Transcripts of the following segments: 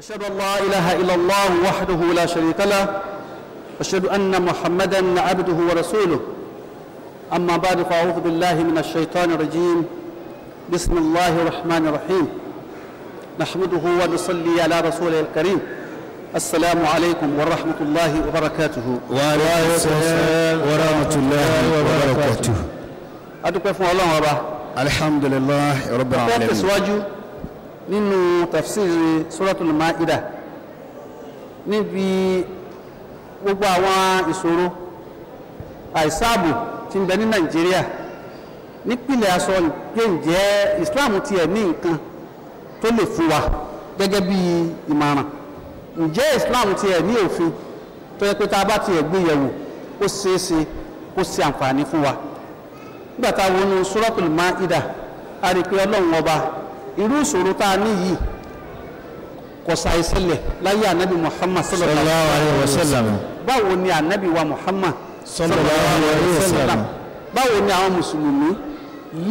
أشهد أن لا إله إلا الله وحده لا شريك له أشهد أن محمدا عبده ورسوله أما بعد فأعوذ بالله من الشيطان الرجيم بسم الله الرحمن الرحيم نحمده ونصلي على رسوله الكريم السلام عليكم ورحمة الله وبركاته وعليكم السلام ورحمة الله وبركاته أدوك فمولانا الحمد لله رب العالمين nínú tafsiri suratul maida níbi gbogbo àwọn ìṣòro àìsáàbò tí ń bẹ ní nàìjíríà nípìnlẹ̀ aṣọ ìgbéǹjẹ́ islam ti ẹ̀ ní nǹkan tó lè fún wa gẹ́gẹ́ bí ìmọ̀ràn ǹjẹ́ islam ti ẹ̀ ní òfin tó yẹ pé tá a bá ti ẹ̀ gbé yẹ̀wò ó ṣeé ṣe kó ṣe àǹfààní fún wa nígbà tá a suratul maida a rí i pé ọlọ́run ọba irú ìṣòro tá a ní yìí kò ṣàì ṣẹlẹ̀ láyé ànábì muhammad sallallahu alayhi wa sallam báwo ni ànábì wa muhammad sallallahu alayhi wa sallam báwo ni àwọn mùsùlùmí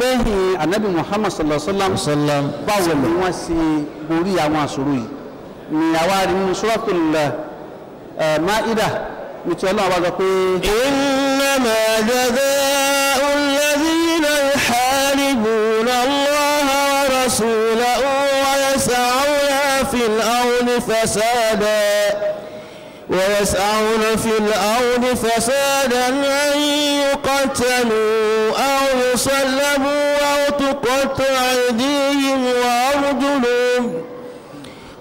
lẹ́yìn ànábì muhammad sallallahu alayhi wa sallam báwo ni wọ́n ṣe borí àwọn àṣòro yìí ni àwa rí nínú suratul eh, maida ní ti ọlọ́run wá sọ pé. innama jaza'u alladhina ìhà. رسوله ويسعون في الأرض فسادا ويسعون في الأرض فسادا أن يقتلوا أو يصلبوا أو تقطع أيديهم وأرجلهم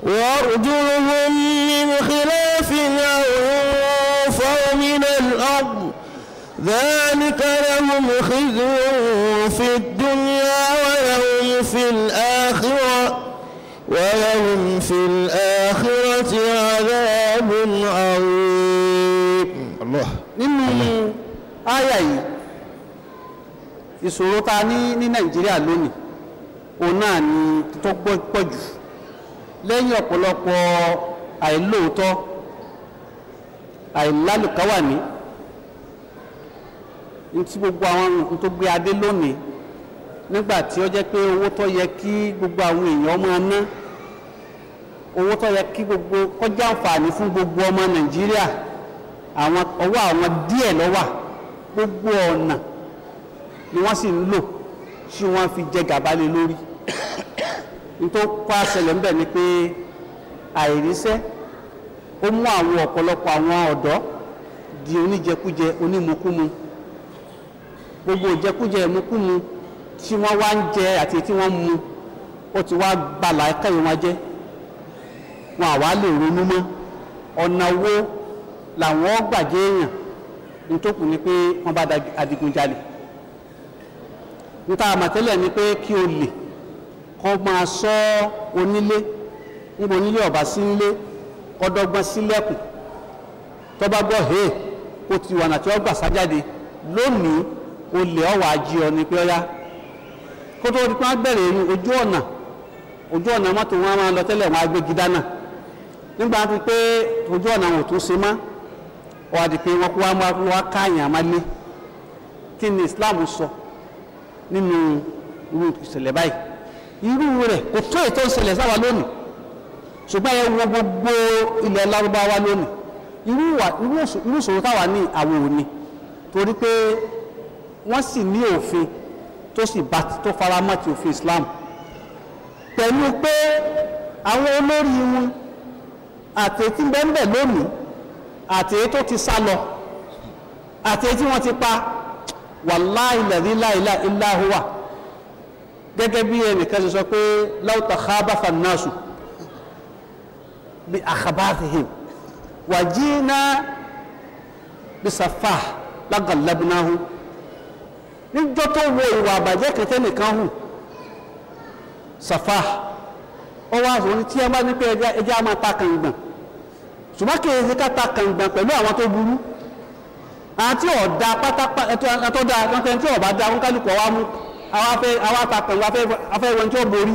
وأرجلهم من خلاف أو ينفوا من الأرض ذلك لهم خزي في الدنيا في الآخرة ولهم في الآخرة عذاب عظيم الله nínú àyà yìí ìṣòro ta ní ní nàìjíríà lónìí òun náà ni tó pọ̀ jù lẹ́yìn ọ̀pọ̀lọpọ̀ àìlóòótọ́ àìlálùkáwà ní ní tí gbogbo àwọn nǹkan tó gbé adé lónìí nígbà tí ó jẹ́ pé owó tó yẹ kí gbogbo àwọn èèyàn máa ná owó tó yẹ kí gbogbo kọjá àǹfààní fún gbogbo ọmọ nàìjíríà àwọn ọwọ́ àwọn díẹ̀ ló gbogbo ọ̀nà ni wọ́n sì ń lò tí wọ́n fi jẹ gàba lé lórí nítorí pa àṣẹlẹ̀ ńbẹ̀ ni pé àìríṣẹ́ ó mú àwọn ọ̀pọ̀lọpọ̀ àwọn ọ̀dọ́ di oníjẹkújẹ onímukúmu gbogbo ìjẹkújẹ ìmukúmu tí wọ́n wá ń jẹ àti tí wọ́n mu ó ti wá gbàlà kẹ́yìn wọn jẹ́ wọn àwa lè ronú mọ́ ọ̀nà wo làwọn gbàjẹ́ èèyàn nítòkù ni pé wọ́n bá adigunjalè níta àmọ̀tẹ́lẹ̀ ni pé kí o lè kọ́ máa sọ onílé níbo onílé sílẹ̀kùn tó bá gbọ́ o ti wà ọgbà sájáde lónìí o lè ọ ni pé kó tó di pé wọ́n bẹ̀rẹ̀ ìrìn ojú ọ̀nà ojú ọ̀nà mọ́tò wọn máa lọ tẹ́lẹ̀ wọn agbégi dáná nígbà tó pé ojú ọ̀nà wọn ò tún ṣe mọ́ wọ́n á di pé wọ́n kó wá wá káàyàn amálé kí ni Islam sọ nínú irú ìṣẹ̀lẹ̀ báyìí irú rẹ̀ kò tó ètò ìṣẹ̀lẹ̀ sáwa lónìí ṣùgbọ́n ẹ wo gbogbo ilẹ̀ lárúbáwá lónìí irú ìṣòro táwa ní àwọn òní torí pé wọ́n sì ní òfin tó sì bá tó faramọ́ ti òfin Islam pẹ̀lú pé àwọn olórí wọn àti èyí tí ń bẹ́ńbẹ̀ lónìí àti èyí tó ti sá lọ àti èyí tí wọ́n ti pa wàláì lẹ́rí láìlá ìláhùwà gẹ́gẹ́ bí ẹnìkan ṣe sọ pé láwùtà kábàfà náà bí àkàbàfihìn wàjí náà bí sàfà lágàlábínáhùn níjọ́ tó wo ìwà àbàjẹ́ kẹtẹ́ nìkan hù sàfà ó wá sọ ní tí ẹ bá ní pé ẹjẹ́ á máa ta kàngbọ̀n ṣùgbọ́n kì í ṣe ká ta kàngbọ̀n pẹ̀lú àwọn tó burú àwọn tí ò da pátápátá tó da kankan tí ò bá da wa mú afẹ́ tí ó borí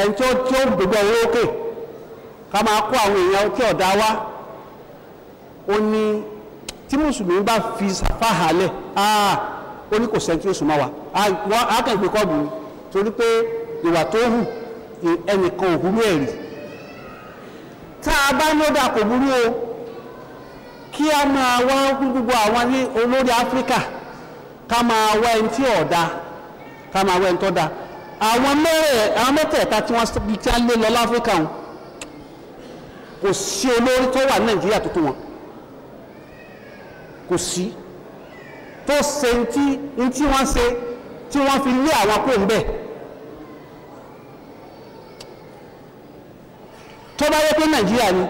ẹni tí ó gbogbo ká máa kó àwọn èèyàn tí ò da ó ní. tí mùsùlùmí bá fi fàhálẹ̀ ah ó ní kò sẹ́ni tí ó súnmọ́ wa akẹ́gbẹ́ kọ́ọ̀bù torí pé ìwà tó hù ẹnìkan ò burú ẹ̀rí tá a bá ní ó dà kò burú o kí a máa wá gbogbo àwọn ní olórí Áfíríkà ká máa wá ẹni tí ọ̀dà ká máa wá ẹni tó da àwọn mẹ́tẹ̀ẹ̀ta tí wọ́n ti lé lọ láfíríkà wọn kò sí olórí tó wà Nàìjíríà tuntun wọn kò sí tó ṣe tí tí wọ́n ṣe tí wọ́n fi lé àwọn kó ń bẹ̀ tó bá yẹ pé nàìjíríà ni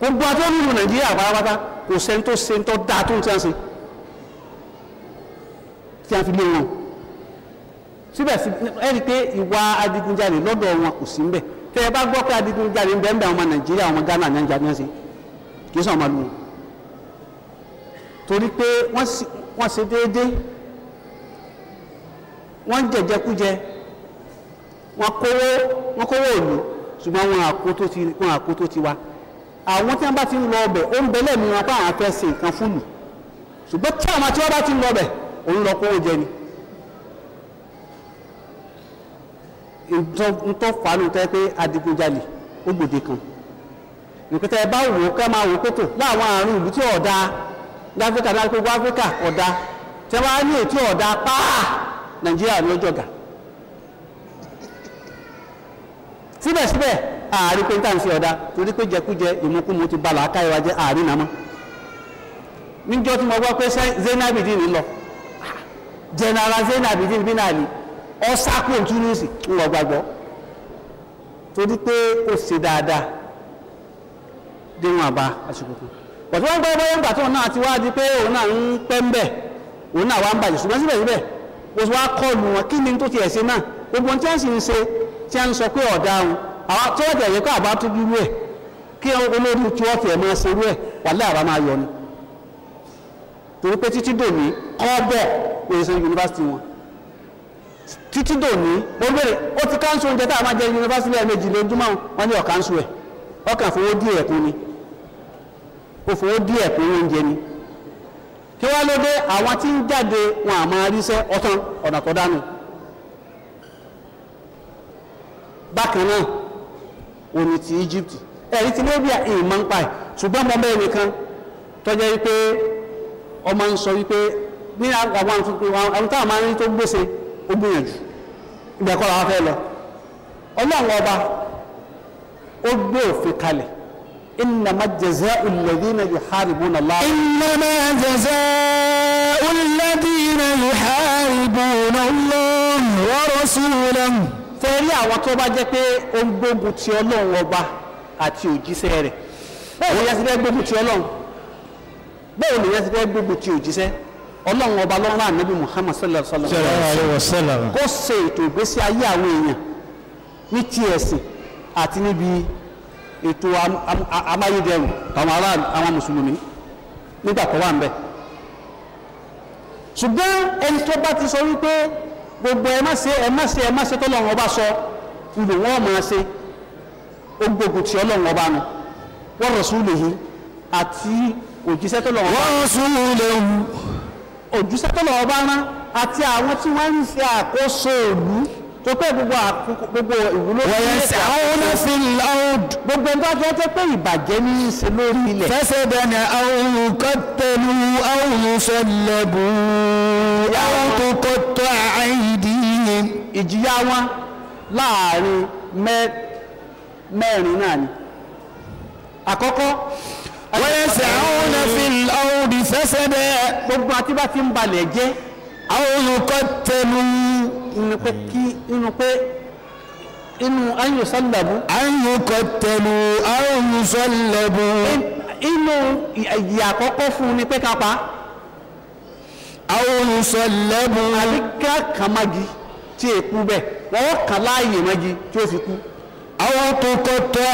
gbogbo àti onílù nàìjíríà pátápátá kò sẹ́ni tó ṣe tó dáa tó ń tí a ṣe tí a fi lé wọn síbẹ̀síbẹ̀ ẹ rí i pé ìwà adigunjalè lọ́dọ̀ wọn kò sí ń bẹ̀ tẹ́ ẹ bá gbọ́ pé adigunjalè ń bẹ ń bẹ àwọn nàìjíríà ọmọ ghana ní ọjà ní ọ̀sẹ̀ kì í sàn máa lu wọn torí pé wọ́n ṣe déédéé wọ́n jẹ̀jẹ̀kújẹ wọ́n kówó wọ́n kówó òlù ṣùgbọ́n wọn àkótó ti wọn àkótó ti wa àwọn tí wọ́n bá ti ń lọ ọbẹ̀ ó ń bẹ́lẹ̀ mi wọn pa àwọn afẹ́ ṣe nǹkan fún lù ṣùgbọ́n tí àwọn tí wọ́n bá ti ń lọ ọbẹ̀ òun lọ kówó jẹ ni. ntọ́ fanu tẹ́ pé adigunjalè ó gbòde kan. nǹkan ẹ bá wò ó ká máa wò pé tò láwọn àárín ìlú tí ọ̀dà láfíríkà láti gbogbo áfíríkà ọ̀dà tẹ wá ní ètò ọ̀dà páà nàìjíríà ní ọjọ́ ga síbẹ̀síbẹ̀ àárín pé ń tàn sí ọ̀dà torí pé jẹkújẹ ìmúkúmu ti balà ká ìwà nàmọ́ níjọ́ tí mo gbọ́ pé Zainab general Zainab náà déwọn àbá àsìkò kan pọ̀tí wọ́n gbọ́ bóyá ìgbà tóun náà ti wá di pé òun náà ń pẹ́ ń bẹ̀ òun náà wá ń bàjẹ́ ṣùgbọ́n síbẹ̀síbẹ̀ kò sí wá kọlù wọn kí ni tó ti ẹ̀ ṣe náà gbogbo ohun tí wọ́n sì ń ṣe tí wọ́n ń sọ pé ọ̀dà wọn àwọn tó wọ́n tẹ̀yẹ kó àbá tó dúró ẹ̀ kí olórí tí wọ́n tiẹ̀ máa ṣerú ẹ̀ wàlẹ́ àbá máa yọ ni torí pé títí dòní kọ́ bẹ̀ òyìnbó yunifásitì wọn títí dòní a máa ó fowó díẹ̀ pé ni kí wá ló dé àwọn tí ń jáde wọn àmọ́ aríṣẹ́ ọ̀tán ọ̀nà dánù bákan náà omi ti Egypt ẹ̀rí ti Libya ìmọ̀ ń pa ẹ̀ ṣùgbọ́n mo bẹ́ẹ̀ nìkan tọ́jẹ́ wípé ọmọ ń sọ wípé ní àwọn àwọn táwọn máa ń rí tó gbèsè ó gbìyànjú ọba ó gbé إنما جزاء الذين يحاربون الله إنما جزاء الذين يحاربون الله ورسوله tẹ́rí àwọn tó bá jẹ́ pé ó ń gbógun ti ọlọ́run ọba àti òjíṣẹ́ rẹ̀ báwo ni yẹn ti fẹ́ gbógun ti ọlọ́run báwo ni yẹn ti fẹ́ gbógun ti òjíṣẹ́ ọlọ́run ọba ló rán ànábì Muhammad sallallahu alaihi wa sallam kó ṣe ètò ìgbésí ayé àwọn èèyàn ní ti ẹ̀sìn àti níbi ètò amáyédẹrùn àwọn ará àwọn mùsùlùmí nígbà tó wà ń bẹ ṣùgbọ́n ẹni tó bá ti sọ wípé gbogbo ẹ má ṣe ẹ má ṣe ẹ má ṣe tọ́lọ́run ọba sọ ìlú wọn máa ṣe ó tí ọlọ́run ọba nu wa rasulihi àti òjíṣẹ́ tọ́lọ́run ọba wa rasulihi òjíṣẹ́ tọ́lọ́run ọba rán àti àwọn tí wọ́n ń ṣe àkóso òlú tó pé gbogbo gbogbo ìwúlò. wọ́n ṣe àwọn fi lọ́wọ́. gbogbo ẹni tó jẹ́ tó pé ìbàjẹ́ ní í ṣe lórí ilẹ̀. fẹsẹ̀ dẹ̀nà àwọn olùkọ́tẹ̀lú àwọn olùsọ̀lẹ̀bù àwọn tó kọ́tọ̀ àìdí. ìjìyà wọn láàrin mẹ́rin náà ni àkọ́kọ́ wẹ́sẹ̀ọ́nà fìlọ́ọ̀dì fẹ́sẹ̀dẹ̀. gbogbo àti ti ń balẹ̀ jẹ́. àwọn olùkọ́ tẹnu. ní pé nínú pé inú ayò sọ́lẹ̀bù. ayò kọtẹlu ayò sọ́lẹ̀bù. inú ìyà àkọ́kọ́ fún un ni pé kápá. ayò sọ́lẹ̀bù. àbíká kàmági tí èkú bẹ̀ wọ́n kà láàyè mági tí ó fi kú. àwọn tó kọtẹ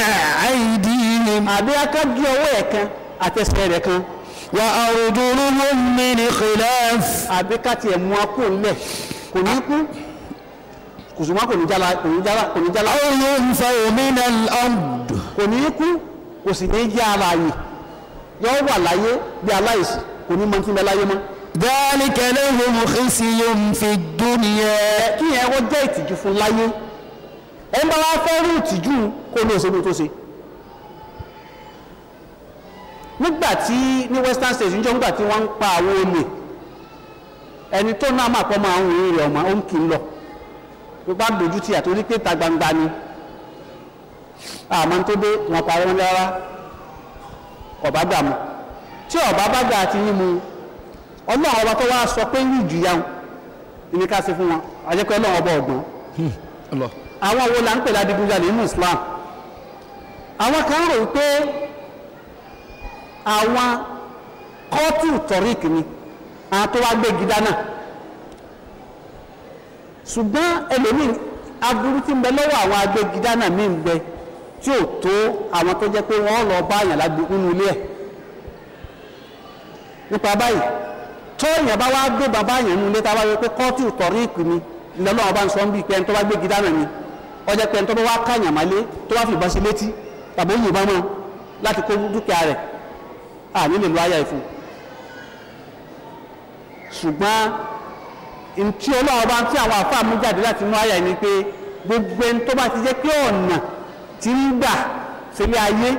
àìdí ni. àbí akájú ọwọ́ ẹ̀ kan àtẹsẹ̀ rẹ̀ kan. wà á rojọ́ ló mi ní kìlẹ́ẹ̀fù. àbíká tiẹ̀ mú akó lẹ̀ kò ní kú kùsùmá kò ní jala kò ní jala kò ní jala. ó ló ń fa omi náà ọ̀dù. kò ní kú kò sì ní jẹ́ aláàyè yọ wà láyé bí aláìsí kò ní mọ tí ń bẹ láyé mọ́. bẹ́ẹ̀ni kẹlẹ́ wo mo kí sí yóò fi dún nìyẹn. kí yẹn wọ́n jẹ́ ìtìjú fún láyé ẹ̀ ń bá wá fẹ́ rí ìtìjú kó ní òṣèlú tó ṣe nígbàtí ní western states ń jọ nígbàtí wọ́n ń pa àwọn olè ẹni tó náà máa pọ́ máa ń rìn rẹ̀ ọmọ ó ń kì í lọ tó bá dojú ti gbangba ni àmọ́ tó dé wọn parí wọn rárá ọ̀bá gbà mu tí ọ̀bá bá gbà àti yín mu ọlọ́run ọba tó wá sọ pé ní ìjìyà wọn ní ká ṣe fún wọn àjẹpẹ́ ọba ọ̀gbọ́n hmm, la ń pè ládìgúnjalè Islam àwọn kan rò pé àwọn kọ́tù tọ́ríkì ni àwọn tó wá ṣùgbọ́n ẹlòmíì aburú tí ń bẹ lọ́wọ́ àwọn agbégidánà míì ń bẹ tí ò tó àwọn tó jẹ́ pé wọ́n lọ bá àyàn lágbo nínú ilé ẹ̀ nípa báyìí tó èèyàn bá wá gbé bàbá àyàn nínú ilé tá a wá yọ pé kọ́ọ̀tù tọ̀rí ìpín mi lọ́lọ́wọ́ bá ń sọ ń bí pé ẹni tó bá gbégidánà mi ọjọ́ pé ẹni tó bá wá káyàn málé tó bá fìbọn sí létí tàbí yìí bá mọ́ láti kó dúkìá rẹ̀ à nílè lu ayá ìfún ṣùgbọ́n ntí ọlọ́wọ́ bá ń tí àwọn àfáà mú jáde láti inú àyà ni pé gbogbo ẹni tó bá ti jẹ́ pé ọ̀nà tí ń gbà sílé ayé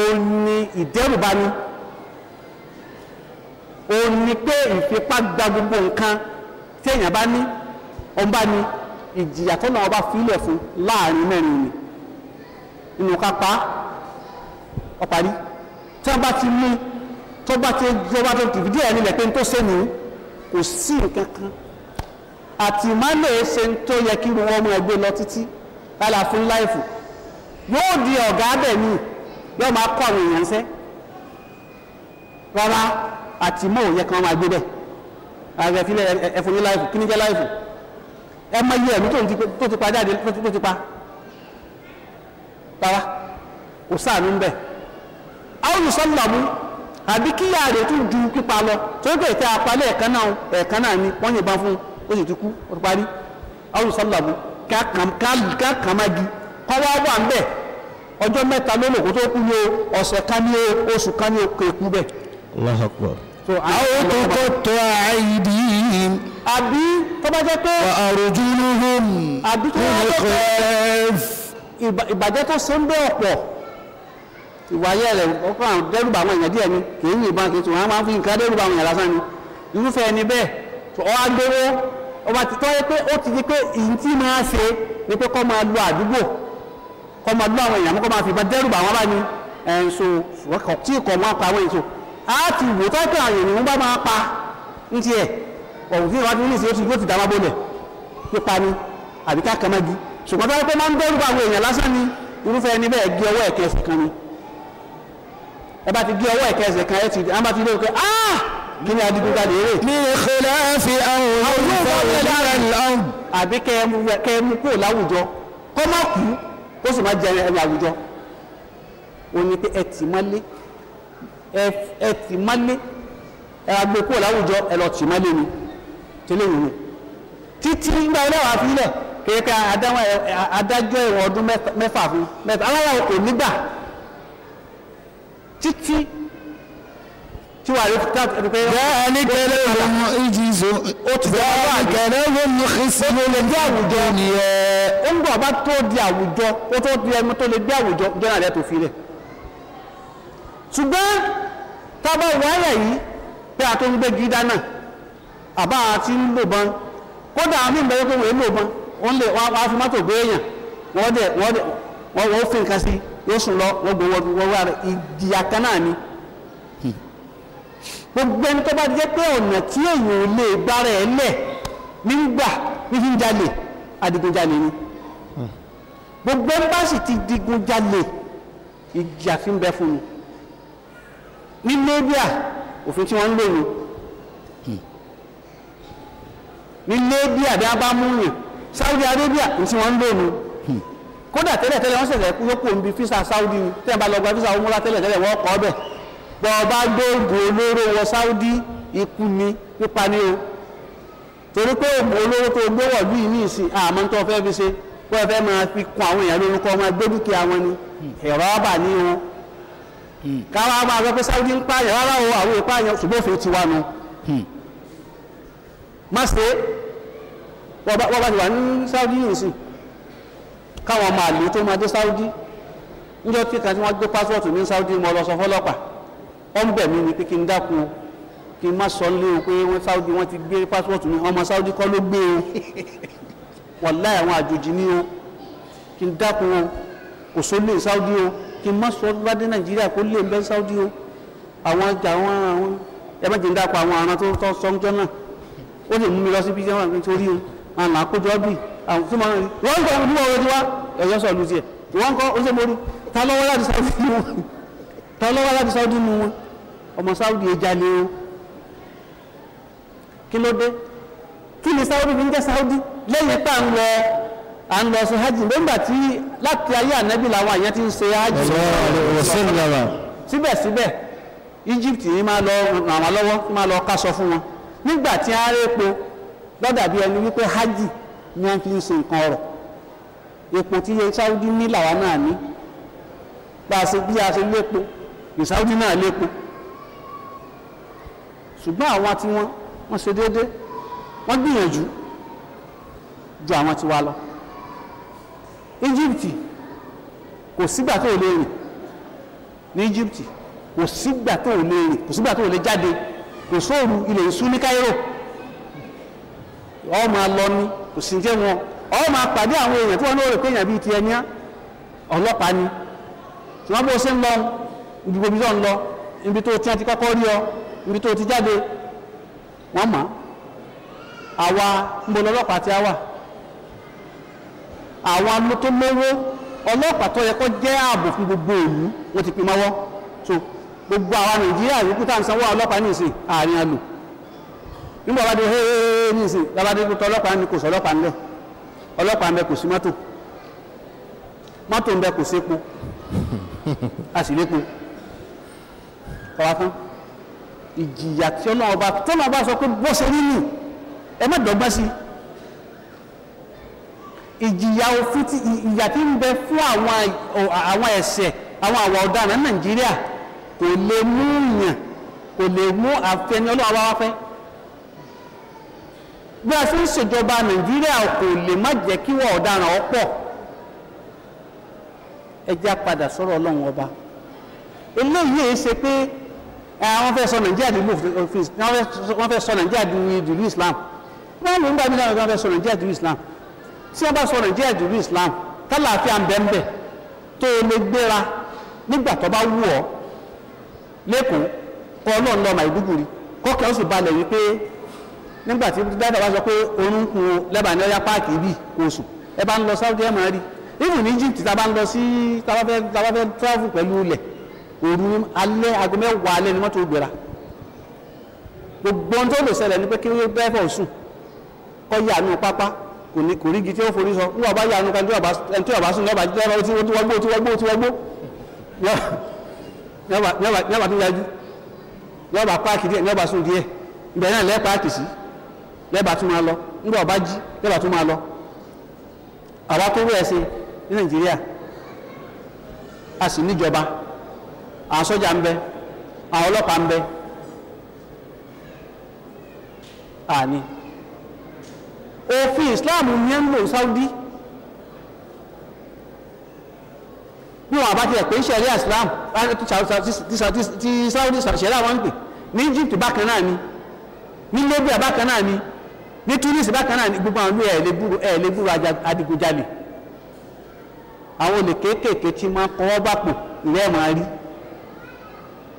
òun ni ìdẹ́rùbani òun ni pé ìfipá gba gbogbo nǹkan tí èèyàn bá ní òun bá ìjìyà tó náà bá fílẹ̀ fún láàrin mẹ́rin ni inú ká pa ọ̀parí tí wọ́n bá ti mú tó bá ti jọba tó kìí díẹ̀ nílẹ̀ pé n tó sẹ́nu kò sí nǹkan kan àti má lè ṣe tó yẹ kí wọn máa lọ títí lálà fún láìfù yóò di ọ̀gá bẹ̀ mí yóò máa kọ́ àwọn èèyàn rárá àti mọ́ òye kan máa gbé bẹ̀ ààrẹ fílẹ̀ ẹ̀fọn ní láìfù kí ni jẹ́ láìfù ẹ ẹ̀mí ju pípa lọ ni wọ́n yìnbọn fún un ó sì ti kú ó ti parí àwọn sálàmù kákàmági kọ́wá wà ń bẹ̀ ọjọ́ mẹ́ta lónìí kó tó kú ní ọ̀sẹ̀ kan ní oṣù kan ní òkè kú bẹ̀. Allahu Akbar. àwọn tó tó tó àìdí àbí tó bá jẹ́ pé àròjúlùhùn àbí tó bá jẹ́ pé ìbàjẹ́ tó ṣe ń bẹ́ ọ̀pọ̀ ìwà ayé rẹ̀ ọkọ̀ àwọn dẹ́rùbà àwọn èèyàn díẹ̀ ni kì í yìnbọn kì í tún wọn máa ń fi nǹkan dẹ́rùbà àwọn èèyàn lásán ni irúfẹ́ ẹni bẹ́ẹ̀ ọ́ agbéró ọba ti tọ́ yẹ pé ó ti di pé ìyí tí máa ṣe ni pé kọ́ máa lo àdúgbò kọ́ máa lo àwọn èèyàn mọ́ kọ́ máa fi ìbá dẹ́rù bà wọ́n bá ní ẹ̀ǹso tí kò máa pa àwọn èso á ti wò tó pé àwọn èèyàn bá máa pa ní tiẹ̀ ọ̀hún fíìmù wájú níṣẹ́ ó ti dáwà bọ́lẹ̀ pípa ni àbí ká kàn máa di ṣùgbọ́n tó yẹ pé máa ń dẹ́rù bà àwọn èèyàn lásán ni irúfẹ́ ẹni bẹ́ẹ̀ gé ọwọ́ ẹ̀kẹ́ ẹsẹ̀ kan ni ẹ bá ti gé ọwọ́ ẹ̀kẹ́ ẹsẹ̀ kan ẹ ti kí ni adigunjalè eré. ní ìkọlẹ́ fi àwọn olùfẹ́ ìdára lọ́wọ́. àbí kẹ́ ẹ mú kúrò láwùjọ kó má kú kó sì má jẹ ẹni àwùjọ. o ní pé ẹ tì mọ́lé ẹ tì mọ́lé ẹ agbe kúrò láwùjọ ẹ lọ tì mọ́lé ni tẹ́lẹ̀ yìí ni. títí nígbà yẹn lọ́wọ́ àfihàn kéka adájọ́ ẹ̀wọ̀n ọdún mẹ́fà fún mẹ́fà aláwọ̀ kò nígbà tí wàá rí tàbí ẹni pé. bẹ́ẹ̀ni kẹlẹ́ wọn ìjì zo. ó ti sọ wá báyìí. kẹlẹ́ wọn mú ìsinmi lè dé àwùjọ nìyẹn. ó ń bọ̀ bá tó di àwùjọ ó tó di ẹni tó lè dé àwùjọ jọ́nà rẹ̀ tó fi rẹ̀. ṣùgbọ́n tábà wáyà yìí pé a tó ń gbé gídá náà àbá àti ń lò bọ́n kódà àmì ìgbẹ́ pé wọ́n lò bọ́n wọ́n lè wá fi mọ́tò gbé èèyàn wọ́n dẹ̀ wọ́n fi nǹkan sí yóò sùn lọ wọ́n gbowó ìjìyà kan náà ni gbogbo ẹni tó bá jẹ́ pé ọ̀nà tí èèyàn ò lè gbára ẹ̀ lẹ̀ nígbà fífi ń jalè adigunjalè ni gbogbo ẹni bá sì ti digunjalè ìjà fi ń bẹ fún mi ní Libya òfin tí wọ́n ń lò ní ní Libya bí a bá mú yàn Saudi Arabia tí wọ́n ń lò ní kódà tẹ́lẹ̀ tẹ́lẹ̀ wọ́n ṣẹ̀ṣẹ̀ yókù ń bi fisa Saudi tẹ́lẹ̀ bá lọ gba fisa umura tẹ́lẹ̀ tẹ́lẹ̀ wọ́n kọ́ bẹ́ẹ̀. bọ́ ọ bá gbóògùn olóró wọ Saudi ikú ni pípa ní o torí pé oògùn olóró tó a bí ní ìsìn àmọ́ tó fẹ́ fi ṣe pé ọ fẹ́ máa fi kun àwọn èèyàn lórúkọ dúkìá wọn ni ẹ̀rọ ọba ní wọn Saudi ń pààyàn rárá o àwọn ìpààyàn ṣùgbọ́n òfin ti wà nù hmm. má ṣe wọ́n bá ti wà Saudi káwọn máa lè tó máa Saudi níjọ́ tí wọ́n gbé ní lọ sọ fọ́lọ́pàá Ọ bẹ̀ mí ni pé kí n kí n Saudi ti gbé pásítọ̀tù mi ọmọ Saudi kọ́ ló gbé o wàláì àwọn àjòjì ni o kí n o kò Saudi o kí n má sọ bá Saudi o àwọn àwọn àwọn ẹ má jẹ́ àwọn àrùn tó tọ́ sọ́njọ́ náà ó sì mú mi lọ síbi mi torí o àwọn àkójọ bì àwọn tó máa wọ́n ń tọ́lọ́wọ́ láti Saudi nu wọn ọmọ Saudi ejalè o kí ló dé kí ni Saudi fi ń jẹ́ Saudi lẹ́yìn pé à ń lọ hajj nígbà tí láti ayé ànábì làwọn àyàn ti ń ṣe hajj síbẹ̀síbẹ̀ Egypt yìí máa lọ fún wọn nígbà tí a rí epo hajj ni wọ́n fi ń ṣe nǹkan ọ̀rọ̀ epo tí Saudi ní làwọn náà ní bí a ní Saudi náà lépo ṣùgbọ́n àwọn tí wọ́n wọ́n ṣe déédé wọ́n gbìyànjú ju àwọn tí wá lọ Egypt kò sígbà tó lè rìn ní Egypt kò sígbà tó lè rìn kò sígbà tó lè jáde kò sóòrù ilẹ̀ ìṣú ní Cairo ọ máa lọ ní kò sí jẹ́ wọn ọ máa pàdé àwọn èèyàn tí wọ́n ní òrèpéyàn bíi ti ẹni ọlọ́pàá ni ṣùgbọ́n bó ṣe ń lọ gbogbo bí sọ̀n lọ ibi tó ti kọ́kọ́ rí ọ ibi tó ti jáde wọ́n mọ̀ àwa ń bọ̀ lọ́lọ́pàá tí a wà àwọn amú tó lówó ọlọ́pàá tó yẹ kó jẹ́ ààbò fún gbogbo ìlú wọ́n ti pin mọ́wọ́ so gbogbo àwa nàìjíríà yìí kúta ń sanwó ọlọ́pàá ní ìsìn àárín àlò nígbà bá dé hééhéé ní ìsìn lábàdé tó ọlọ́pàá ní kò sọ ọlọ́pàá ńlẹ̀ ọlọ́pàá ń kò sí mọ́tò mọ́tò ń kò sépo a sì ọ̀wá tán ìjìyà tí ọlọ́run ọba tó náà bá sọ pé bó ṣe rí ẹ má dọ́gba sí ìjìyà òfin tí ìyà tí ń bẹ fún àwọn ẹ̀ṣẹ̀ àwọn àwà ọ̀daràn nàìjíríà kò lè mú yàn kò lè mú àfẹni ọlọ́run ọba fẹ́ bí a ṣe ń ṣèjọba nàìjíríà kò lè má jẹ́ kí àwọn fẹ́ sọ nàìjíríà di wọ́n fẹ́ sọ nàìjíríà di eh, ìlú islam wọ́n lò ń gbà mí láwọn fẹ́ sọ nàìjíríà di ìlú islam tí wọ́n bá sọ nàìjíríà di ìlú islam tálàáfíà ń bẹ́ ń bẹ̀ tó o lè gbéra nígbà tó bá wù ọ́ lẹ́kọ̀ọ́ kọ́ ọlọ́run lọ Maiduguri kọ́kẹ́ ó sì balẹ̀ wípé nígbà tí dáadáa bá sọ pé orúnkún lẹ́bàánu ọ̀yá páàkì ibi kò sùn ẹ bá ń lọ Saudi ẹ̀ máa rí ìmù ní Egypt tá a bá ń lọ sí tá a bá fẹ́ travel pẹ̀lú ilẹ̀ òru alẹ́ aago mẹ́wàá alẹ́ ni mọ́tò gbéra gbogbo ohun tó lè ṣẹlẹ̀ ni pé kí dẹ́fẹ̀ ò sùn kọ́ yà nù pápá kò ní kò rí igi tí ó forí sọ ń wà bá yà tí ọba sùn lọ́ba jẹ́ ọba tí wọ́n gbó tí wọ́n gbó tí wọ́n gbó yọba tó yájú páàkì díẹ̀ sùn díẹ̀ náà páàkì sí tó ọba jí tó máa lọ àwọn sọ́jà ń bẹ àwọn ọlọ́pàá ń bẹ àní òfin Islam ní ń lò Saudi bí wọn àbá ti rẹ̀ pé ṣẹ̀ríà Islam ti Saudi ṣẹ̀ríà wọn ń pè ní Egypt bákan náà ni ní Libya bákan náà ni ní Tunis bákan náà ni gbogbo àwọn olú ẹ̀ lè búrò adigunjalè àwọn olè kéékèèké tí máa kọ́ ọ́ bá pò ìrẹ́ máa rí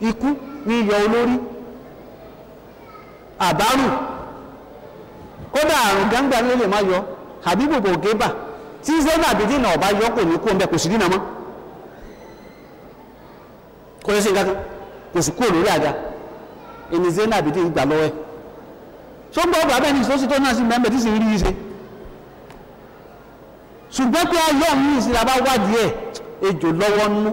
ikú yíyọ olórí àbárù kódà àrùn gángba ló lè má yọ Habibu bògébà tí zena àbídínà ọba yọ kò ní kú ọmọbẹ kò sí dínà mọ́ kò lè ṣe nǹkan kan kò sì kú olórí àga ẹni zena àbídínà gbà lọ́wọ́ ẹ̀ tó ń bọ́ ọgbà bẹ́ẹ̀ ni sọ́sítọ́ náà sí mẹ́mẹ́ tí sì ń rí ṣe ṣùgbọ́n pé ayé ọ̀hún ìsìlábá wádìí ẹ̀ ejò lọ́wọ́ nú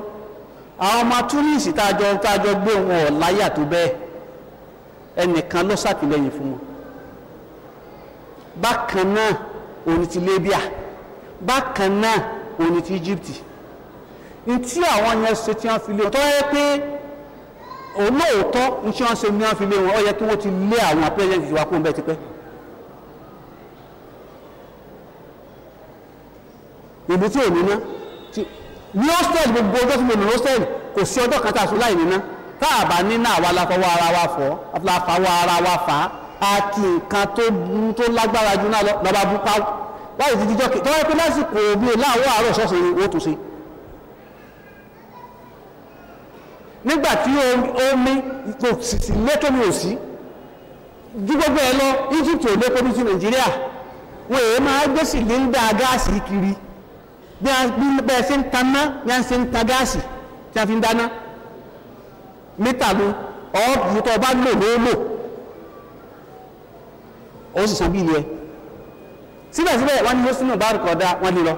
àwọn ọmọ túrìsì tájọ tájọ gbé wọn ọ̀ láyà tó bẹ́ẹ̀ ẹnìkan ló ṣàtìlẹ́yìn fún wọn bákan náà òní ti Libya bákan náà òní ti Egypt ntí àwọn yẹn ṣe tí wọ́n fi lé wọn tó yẹ pé olóòótọ́ ntí wọ́n ṣe ní wọ́n fi lé wọn ó yẹ kí wọ́n ti lé àwọn president ìjọba kó bẹ́ẹ̀ tipẹ́. ìlú tí ò ní hostel gbogbo ọjọ́ tí mo lò hostel kò sí ọjọ́ kan tá a sùn láì níná tá a bá níná àwa la fọwọ́ ara wa fọ́ la fọwọ́ ara wa fà á a kì nǹkan tó lágbára jù náà lọ́ba bú pa láì ti dijọ́ kí tọ́wọ́ pé lásìkò òbí láàárọ̀ àárọ̀ ṣọ́ọ̀ṣì ni wọ́n tún ṣe. nígbà tí omi kò sì létómi ò sí ju gbogbo ẹ lọ Egypt ò lépo ní ti Nàìjíríà wọn èèyàn máa gbé sílẹ̀ bí ẹ ṣe ń taná bí ẹ ṣe ń ta gáàsì tí a fi ń dáná mítà ló ọ̀ọ́dù tó bá lò ló lò ó sì san bí ilé ẹ síbẹ̀síbẹ̀ wọ́n ní hosùnù bárùkù ọ̀dà wọ́n lè lọ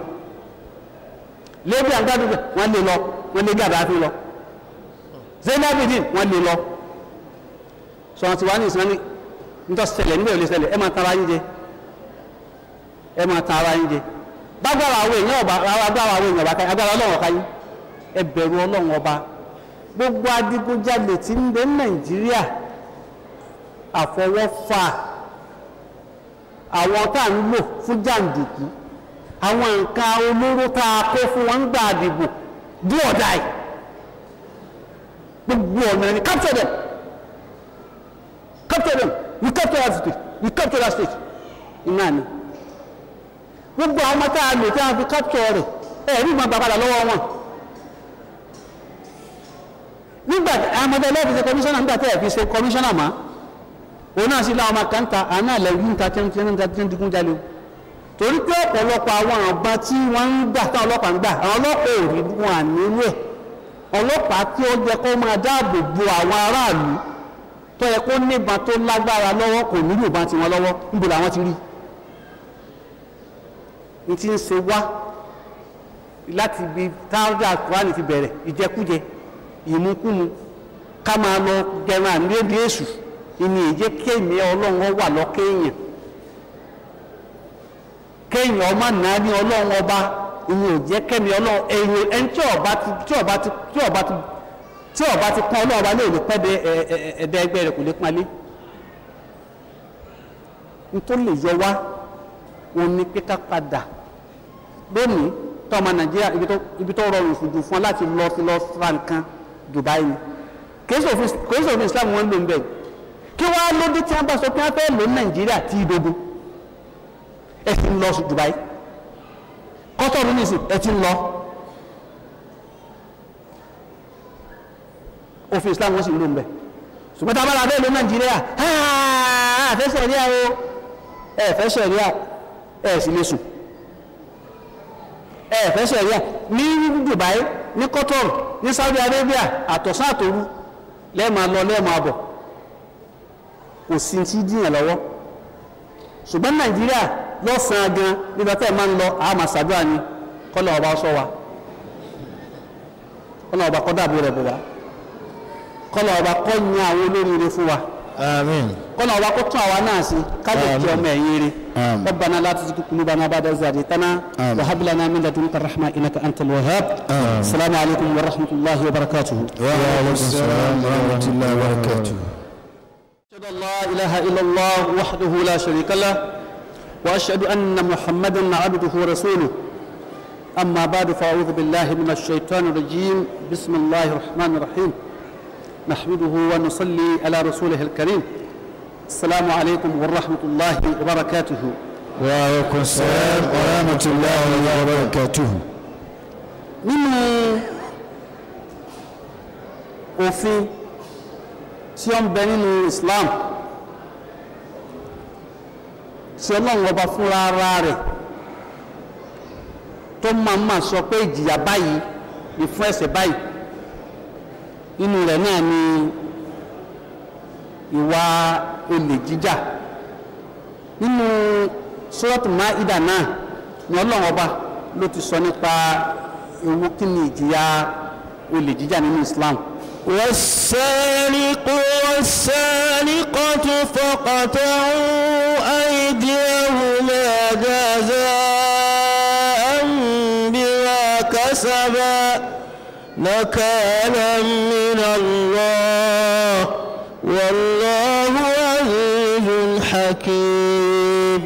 lébí àgbàdùgbà wọ́n lè lọ wọ́n lè gàdá fi lọ zainabidin wọ́n lè lọ sọ̀rọ̀ tí wàá ní ìsinmi nítorí ṣẹlẹ̀ níbẹ̀ ò lè ṣẹlẹ̀ ẹ máa tara yín jẹ ẹ máa tara yín jẹ. gbágbára àwọn èèyàn ọba agbára àwọn èèyàn ọba agbára gbogbo adigunjalè tí ń bẹ nàìjíríà àfọwọ́fà àwọn tá à ń lò fún jàǹdùkú àwọn nǹkan olóró tá a kó fún wọn ń àdìbò gbogbo ọ̀nà ni capture them capture them capture that state capture gbogbo àwọn tá a tí a fi capture rẹ̀ ẹ̀rí ìmọ̀ gbàgbàdà lọ́wọ́ wọn nígbà àwọn ọmọdé lẹ́ẹ̀fi ṣe kọmíṣánná nígbà tí ẹ̀ fi ṣe kọmíṣánná mọ́ òun náà sì láwọn ọmọ ti ọ̀pọ̀lọpọ̀ àwọn tí wọ́n ń gbà ọlọ́pàá ń gbà wọn àníwẹ̀ ọlọ́pàá tí ó yẹ kó máa dáàbò bo àwọn aráàlú tó yẹ n ti ń ṣe wá láti ibi táwọ́dà kúránì ti bẹ̀rẹ̀ ìjẹkújẹ ìmúkúmu ká máa lọ jẹran àmúlébi èṣù ìní kéèmí ọlọ́run lọ kéèyàn ọmọ náà ní ọlọ́run ọba ìní òjẹ kẹ́mi ọlọ́run ẹ̀yìn ẹni tí ọba ti tí ọba ti tí ọba ti tí ọba ti pọn ọlọ́run ọba òun ni pé ká padà lónìí tọ́mọ nàìjíríà ibi tó rọrùn fún jù fún ọ láti lọ sí lọ ra nǹkan Dubai ni kòí sòfin Islam wọn ló ń bẹ kí wàá lóde tí wọn bá sọ pé wọn fẹ́ lò Nàìjíríà tí ì ẹ ti ń lọ sí Dubai kọ́tọ̀rù ní ìsìn ẹ ti ń lọ òfin Islam wọn sì ló ń bẹ ṣùgbọ́n tá a bá ra bẹ́ẹ̀ ló Nàìjíríà ẹ fẹ́ sẹ̀ríà o ẹ fẹ́ sẹ̀ríà e sì lè sùn ẹ̀ fẹ́ ní Dubai ní Qatar Saudi Arabia lẹ́ẹ̀ma lọ lẹ́ẹ̀ma bọ̀ kò sí ti dìyàn lọ́wọ́ ṣùgbọ́n Nàìjíríà lọ́sàn-án gan nígbà tẹ́ ẹ̀ máa ń lọ àmà ni ọba sọ wa ọba kọ́ dàbí rẹ̀ bò wá ọba kọ́ yan àwọn olóríire wa. امين ربنا لا تزغ قلوبنا بعد إذ هديتنا وهب لنا من لدنك الرحمة إنك أنت الوهاب السلام عليكم ورحمة الله وبركاته وعليكم السلام ورحمة الله وبركاته أشهد أن لا إله إلا الله وحده لا شريك له وأشهد أن محمدا عبده ورسوله أما بعد فأعوذ بالله من الشيطان الرجيم بسم الله الرحمن الرحيم نحمده ونصلي على رسوله الكريم السلام عليكم ورحمة الله وبركاته وعليكم السلام ورحمة الله وبركاته nínú òfin tí ó ń bẹ nínú Islam tí ọlọ́run ọba fúnra ara rẹ̀ tó máa ń máa sọ pé ìjìyà báyìí ni fún ẹ̀ṣẹ̀ báyìí inú rẹ̀ náà ni ìwà olè jíjà nínú sọ́ọ̀tù máìdà náà ni ọlọ́run ọba ló ti sọ nípa ewu kí ni ìjìyà olè jíjà nínú Islam. والسارق والسارقة فاقطعوا أيديهما جزاء بما كسبا نكالا من الله والله عزيز حكيم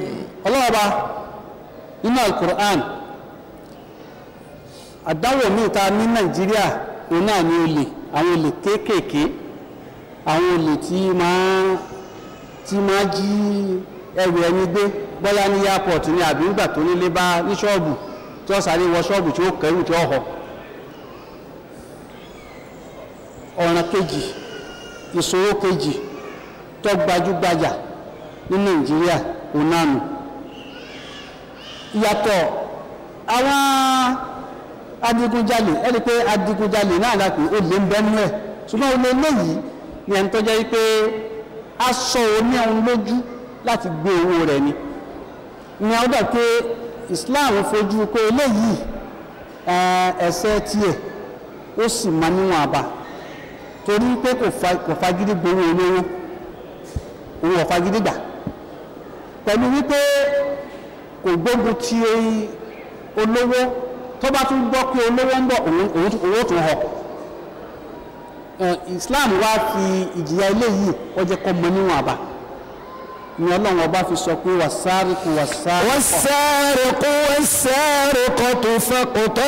الله ọba inú alukur'an àdáwò míì ta ní nàìjíríà òun náà ni àwọn olè kéékèèké àwọn olè tí máa tí máa jí ẹrù ẹni gbé bọ́lá ní airport ni nílé bá ní ṣọ́ọ̀bù tí sáré wọ ṣọ́ọ̀bù tí ó kẹ́rù tí ó kejì ìṣòro kejì tó gbajúgbajà ní nàìjíríà onánu yàtọ̀ àwọn adigunjalè ẹni pé adigunjalè náà la pé olè ń bẹ nú ẹ ṣùgbọ́n olè léyìí ni ẹni tó jẹ́ pé aṣọ oní ẹun lójú láti gbé owó rẹ̀ ni ni àwọn dà pé Islam fojú pé eléyìí ẹ̀ṣẹ̀ tiẹ̀ ó sì máa níwọ̀n àbá torí pé kò fagídí gbowó olówó owó ọ̀fagídí gbà pẹ̀lú wípé kò gbógun ti olówó tó bá tún gbọ́ pé olówó ń bọ̀ owó tó họ Islam wá fi ìjìyà eléyìí ó jẹ́ kó mọ níwọ̀n àbá ni ọlọ́run ọba fi sọ pé wàsáàrìkù wàsáàrìkù. wàsáàrìkù wàsáàrìkù tó fẹ́ kò tó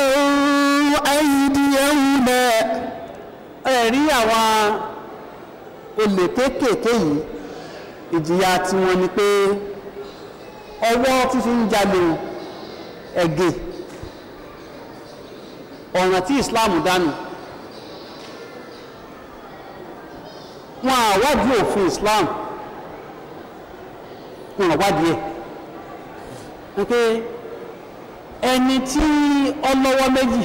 ń ayídíyẹ́wò náà. ẹ rí àwọn olè kéékèèké yìí ìjìyà tiwọn ni pé ọwọ́ fífi ń jalè ẹ̀gẹ́ ọ̀ràn tí Islam dánù wọn àwádìí òfin Islam wọn àwádìí ẹ̀ wípé ẹni tí ọlọ́wọ́ méjì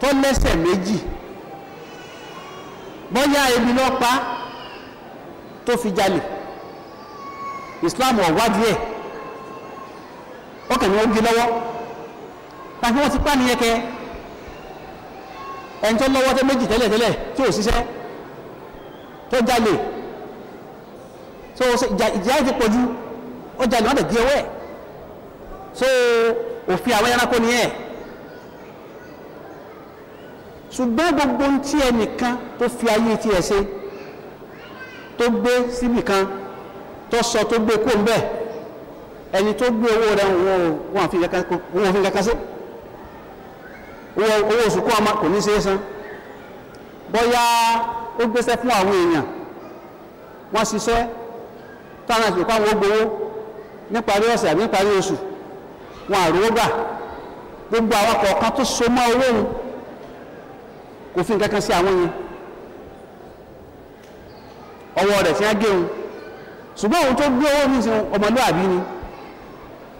tó lẹ́sẹ̀ méjì. bọ́yá ebi lọ pa tó fi jalè islam ọ̀wádìí ẹ̀ ọkàn ni wọ́n gé lọ́wọ́ tàbí wọ́n ti pa ní ẹkẹ ẹni tó lọ́wọ́ tẹ́ méjì tẹ́lẹ̀ tẹ́lẹ̀ tí ò ṣiṣẹ́ tó jalè so ìjà ti pọ̀jù ó jalè wọ́n tẹ̀ gé ọwọ́ ẹ̀ so òfin àwọn ẹranko ni ẹ̀ ṣùgbọ́n gbogbo ń tí ẹnìkan tó fi ayé tiẹ̀ ṣe tó gbé síbì kan tó sọ tó gbé kó ń bẹ̀ ẹni tó gbé owó rẹ̀ wọn fi kankan sí owó oṣù kó ọmọ kò ní ṣe é san bóyá ó gbéṣẹ́ fún àwọn èèyàn wọ́n ṣiṣẹ́ táwọn àti òkú àwọn ogbowó níparí ọ̀sẹ̀ àbí níparí oṣù wọn àrògbà gbogbo àwọn kọ̀ọ̀kan tó so mọ́ owó òun kò fi nǹkan kan sí àwọn yẹn ọwọ́ rẹ̀ tí wọ́n gé wọn ṣùgbọ́n òun tó gbé owó mi sí ọmọlúwàbí ni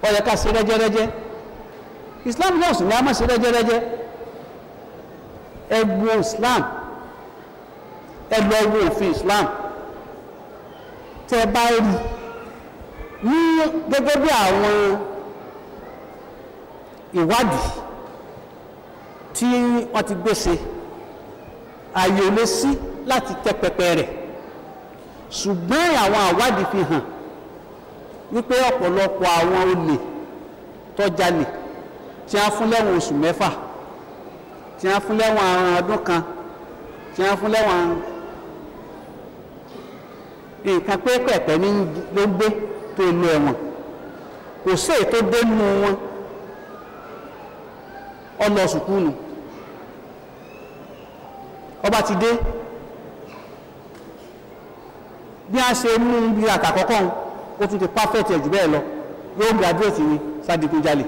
ó ká ṣe rẹ́jẹ́rẹ́jẹ́ Islam náà sì ní a máa ṣe rẹ́jẹ́rẹ́jẹ́ ẹgbù Islam ẹgbù ẹgbù òfin Islam tẹ bá rí ní gẹ́gẹ́ bí àwọn ìwádìí tí wọ́n ti gbèsè àyè ò lè sí láti tẹ́ pẹpẹ rẹ̀ ṣùgbọ́n àwọn àwádìí fi hàn wípé ọpọlọpọ àwọn olè tọ́jalè tí a fún lẹ́wọ̀n oṣù mẹ́fà tí a fún lẹ́wọ̀n àrùn ọdún kan tí a fún lẹ́wọ̀n nǹkan pẹ́pẹ́pẹ́ ní ló gbé tó lo ẹ̀wọ̀n kò sí èyí tó dé nù wọn ọlọ ọba ti dé bí a ṣe mú bí àkàkọ́kọ́ ó tún ti perfect ẹ̀ jù bẹ́ẹ̀ lọ yóò graduate ni sadigunjalè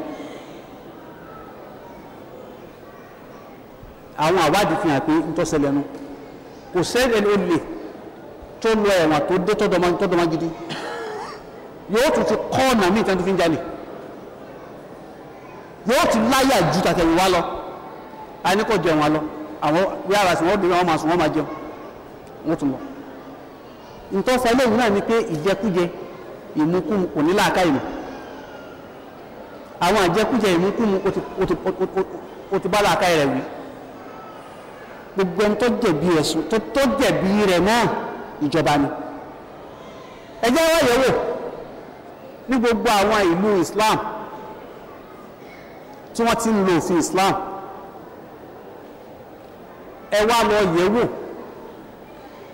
àwọn àwádìí fi hàn pé ń tọ́sẹ̀lẹ̀ nu kò sẹ́ẹ̀lẹ̀ olè tó lọ ẹ̀wọ̀n tó dé tọ́dọ̀mọ́ gidi yóò tún ti kọ́ ọ̀nà míì tẹ́ntún fi ń jalè yóò tún láyà ju tàtẹ̀yìnwá lọ àníkọ̀jọ̀ ẹ̀wọ̀n lọ àwọn yàrá sí wọ́n dùn wọn máa sùn wọ́n máa jẹun wọ́n tún lọ. ntọ́fà eléyìí náà ni pé ìjẹkújẹ ìmúkúmu kò ní láàká ìlú àwọn àjẹkújẹ ìmúkúmu o ti bá láàká rẹ̀ wí gbogbo ẹni tó jẹ̀bi ẹ̀sùn tó jẹ̀bi rẹ̀ náà ìjọba ni ẹjẹ́ wáyé wò ní gbogbo àwọn ìlú Islam tí wọ́n ti ń lo òfin Islam. ẹ wá lọ yẹ̀ wò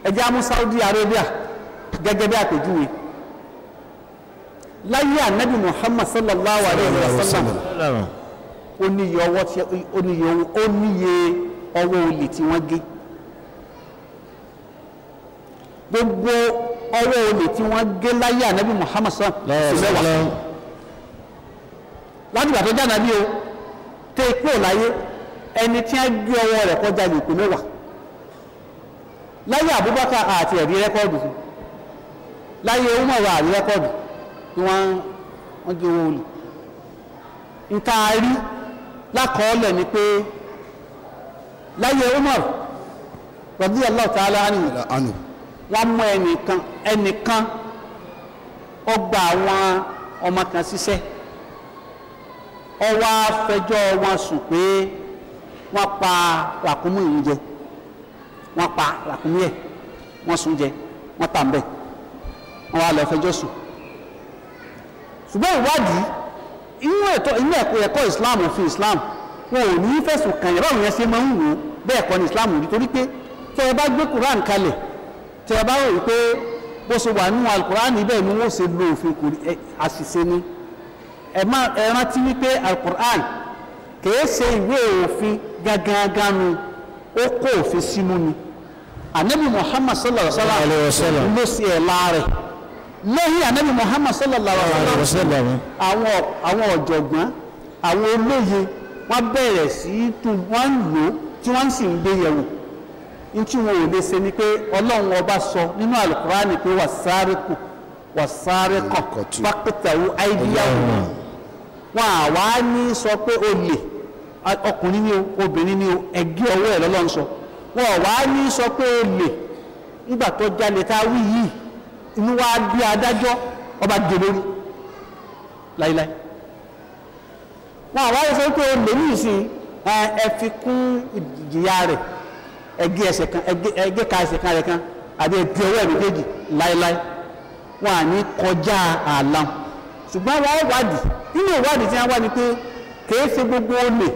ẹ amú Saudi Arabia gẹ́gẹ́ bí àpèjúwe láyé ànábì Muhammad sallallahu alayhi wa sallam ó níye ọwọ́ tí ó níye ó níye ọwọ́ olè tí wọ́n gé gbogbo ọwọ́ olè tí wọ́n gé láyé ànábì Muhammad sallallahu alayhi wa sallam láti gbà tó jáde o tẹ́ ipò láyé ẹni tí a gbé ọwọ́ rẹ̀ kọjá lè láyé Abubakar àti ẹ̀rí rẹ́kọ́ọ̀dù láyé Umaru àrí rẹ́kọ́ọ̀dù ni wọ́n wọ́n gé owó olè ni pé láyé Umaru radiyallahu ta'ala wọ́n mú ẹnìkan ẹnìkan ó ọmọ kan ṣiṣẹ́ wọn sùn pé. wọ́n pa ràkúnmú ìrún jẹ wọ́n pa ràkúnmú ẹ̀ wọ́n sun jẹ wọ́n tà ń bẹ̀ wọ́n wá lọ fẹjọ́ sùn ṣùgbọ́n ìwádìí inú ẹ̀tọ́ inú ẹ̀kọ́ ẹ̀kọ́ Islam òfin Islam wọn ò ní fẹ̀sùn kàn yẹn báwọn yẹn ṣe máa ń wò ó bẹ́ẹ̀ kọ́ ni Islam rí torí pé tẹ́ ẹ bá gbé Quran kalẹ̀ tẹ́ ẹ bá rò wípé bó ṣe wà nínú Al-Quran níbẹ̀ ni wọ́n ṣe lo òfin àṣìṣe ni ẹ rántí wípé Al-Quran kìí ṣe ìwé òfin gangan ni ó kó òfin ni anabi muhammad sallallahu alaihi wa sallam ló ṣe ẹ̀ láàrẹ̀ lẹ́yìn anabi muhammad sallallahu wa sallam àwọn ọ̀jọ̀gbọ́n àwọn olóye wọ́n bẹ̀rẹ̀ sí í tún wọ́n ń lò tí wọ́n sì ń ọba sọ nínú alukurani pé pàkìtàwó àìdíyàwó wọn àwa ní sọ pé ole ọkùnrin ni o obìnrin ni o ẹgẹ́ ọwọ́ ẹ̀ sọ wọn àwa ní sọ pé ole nígbà tó jalè tá a bí adájọ́ ọba dè lórí láíláí wọn àwa yẹ sọ pé olè ní ìsìn ẹ fi kún kan ka kan kan àbí méjèèjì láíláí wọn à ní kọjá ṣùgbọ́n wọ́n wádìí nínú ìwádìí tí wọ́n ní pé kèé ṣe gbogbo olè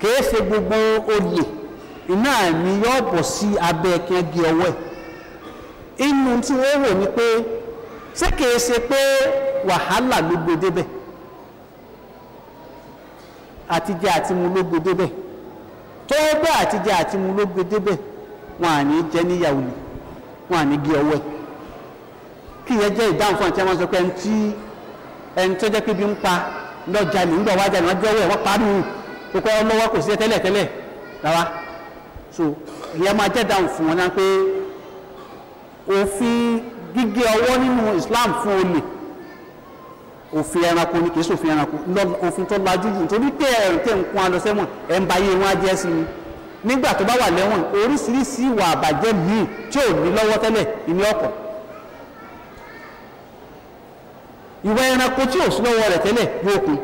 kèé ṣe gbogbo olè iná ni yóò bọ̀ sí abẹ́ kẹ́gì ọwọ́ ẹ̀ inú tí wọ́n wò pé ṣé kèé ṣe pé wàhálà ló lo débẹ̀ àtijẹ́ àtimu ló gbé débẹ̀ tọ́wọ́ bá àtijẹ́ ló wọn à ní jẹ́ níyàwó ni wọn kí yẹn jẹ́ ìdáhùn fún àti ẹ̀wọ̀n sọ pé ẹni tí ẹni tó jẹ́ pé bí ń pa lọ́jà ní gbọ̀ wájà ní wọ́n jẹ́wọ́ ẹ̀ wọ́n parí o kọ́ lọ́wọ́ kò sí tẹ́lẹ̀ tẹ́lẹ̀ rárá so ìyẹn máa jẹ́ ìdáhùn fún wọn náà pé òfin gígé ọwọ́ nínú Islam fún olè òfin ẹranko ni kì í ṣòfin ẹranko òfin tó lajú jù nítorí pé ẹ̀rùn tẹ̀ ń kún alọ sẹ́wọ̀n ẹ̀ ń ba iye wọn á jẹ́ sí i nígbà tó bá wà lẹ́wọ̀n oríṣiríṣi ìwà àbàjẹ́ míì tí ò ní lọ́wọ́ tẹ́lẹ̀ ìní ọ̀pọ̀ ìwà ẹranko tí ò sí lọ́wọ́ rẹ̀ tẹ́lẹ̀ yóò pin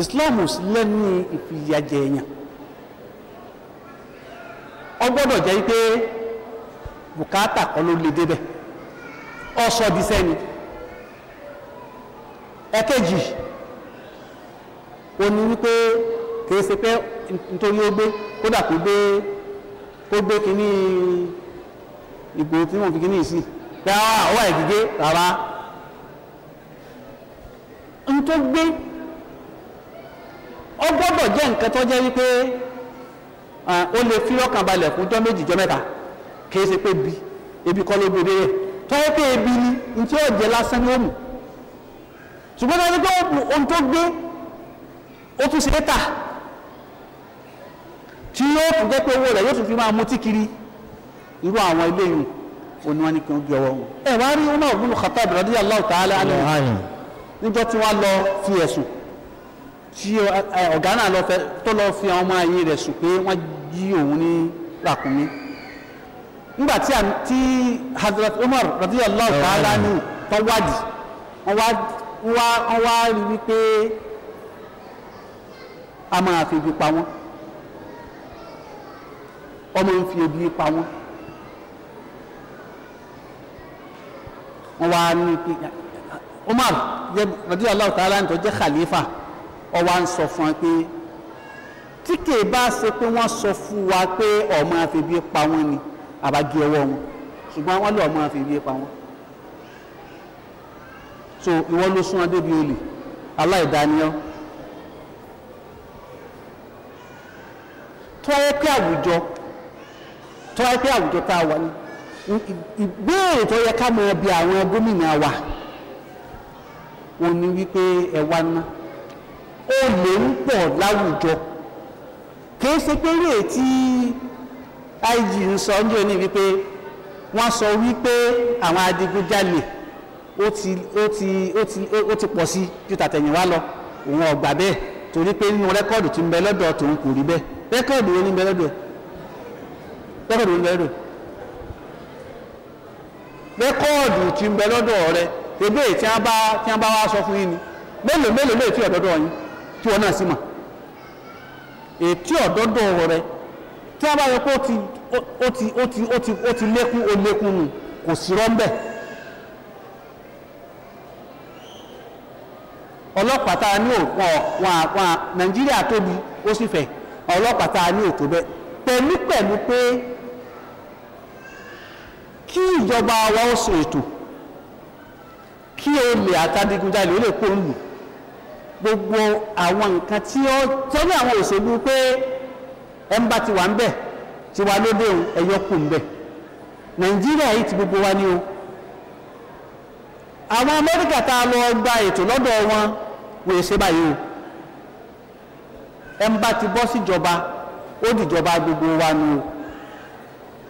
Islam ò sí ìfìyàjẹ èèyàn ọ jẹ́ pé bùkátà kan ló le débẹ̀ ọ sọ di sẹ́ni ní wípé kìí ṣe pé nítorí ó gbé kódà kó gbé kó tí wọ́n pé àwọn àwọn ìdíje rárá n tó gbé jẹ gbọ́dọ̀ jẹ́ nǹkan tó wípé ó lè fi fún méjì mẹ́ta kì í pé bi ebi kọ́ ló gbèdé tọ́wọ́ ebi ni n tí yóò jẹ lásán ṣùgbọ́n pé ohun tó ṣe tà tí yóò tún jẹ́ pé owó rẹ̀ yóò tún fi máa mutí oníwọ́n ní kí wọ́n gbé ọwọ́ wọn. ẹ wá rí Umar ibn Khattab radiyallahu ta'ala anhu níjọ́ tí wọ́n lọ fi ẹ̀sùn tí ọ̀gá náà lọ fẹ́ tó lọ fi àwọn ọmọ ayé rẹ̀ sùn pé wọ́n jí òun ní ràkúnmí nígbà tí Hazrat Umar radiyallahu ta'ala anhu tó wádìí wá rí wípé a máa fi ibi pa wọ́n ọmọ ń fi ibi pa wọ́n wọ́n wá ní pé Umar radi Allahu ta'ala ní tó jẹ́ khalifa ọ wá ń sọ fún wa pé tí kìí bá ṣe pé wọ́n sọ fún wa pé ọmọ àfẹ́bí pa wọ́n ni àbágé ọwọ́ wọn ṣùgbọ́n wọ́n lé ọmọ àfẹ́bí pa wọ́n so ìwọ ló sún wọn débi olè aláìdáníọ́ tọ́wọ́ pé àwùjọ tọ́wọ́ pé àwùjọ tá a wà ní ìbéèrè tó yẹ ká mọ bí àwọn gómìnà wa wọ́n ní wípé ẹ wá ná ó lè ń pọ̀ láwùjọ kì í ṣe pé rèé tí IG ń sọ ń jẹ́ ní wípé wọ́n sọ wípé àwọn adigunjalè ó ti ó ti ó ti ó ti pọ̀ sí ju tàtẹ̀yìnwá lọ òun ọ̀gbà bẹ́ẹ̀ torí pé nínú rẹ́kọ̀dù tí ń bẹ lọ́dọ̀ tòun kò rí bẹ́ẹ̀ rẹ́kọ̀dù wo ni ń bẹ lọ́dọ̀ rẹ́kọ̀dù wo ni ń bẹ lọ́dọ̀ rẹ́kọ́ọ̀dù tí ń bẹ lọ́dọ̀ rẹ ebe tí a bá tí a bá wá sọ fún yín ni mélòó mélòó lè tí ọ̀dọ́dọ̀ yín tí wọn náà sì ètí rẹ tí a bá yẹ kó ó ti ó ti ó ti kò sí rọ́ńbẹ́ ọlọ́pàá a ní òkun ọ̀wọ̀n Nàìjíríà tóbi ó sì ọlọ́pàá kí ìjọba wa ó ṣe ètò kí olè àtàdìgunjalè ó lè kó lù gbogbo àwọn nǹkan tí ó tẹ́lẹ̀ àwọn òṣèlú pé ẹnba ti wà ń bẹ̀ ti wà lóde òun ẹ̀yọ́ kù ń bẹ̀ nàìjíríà yìí ti gbogbo wa ní o àwọn amẹ́ríkà tá a lọ gba ètò lọ́dọ̀ wọn wòye ṣe báyìí o ẹnba ti bọ́ síjọba ó dìjọba gbogbo wa ní o.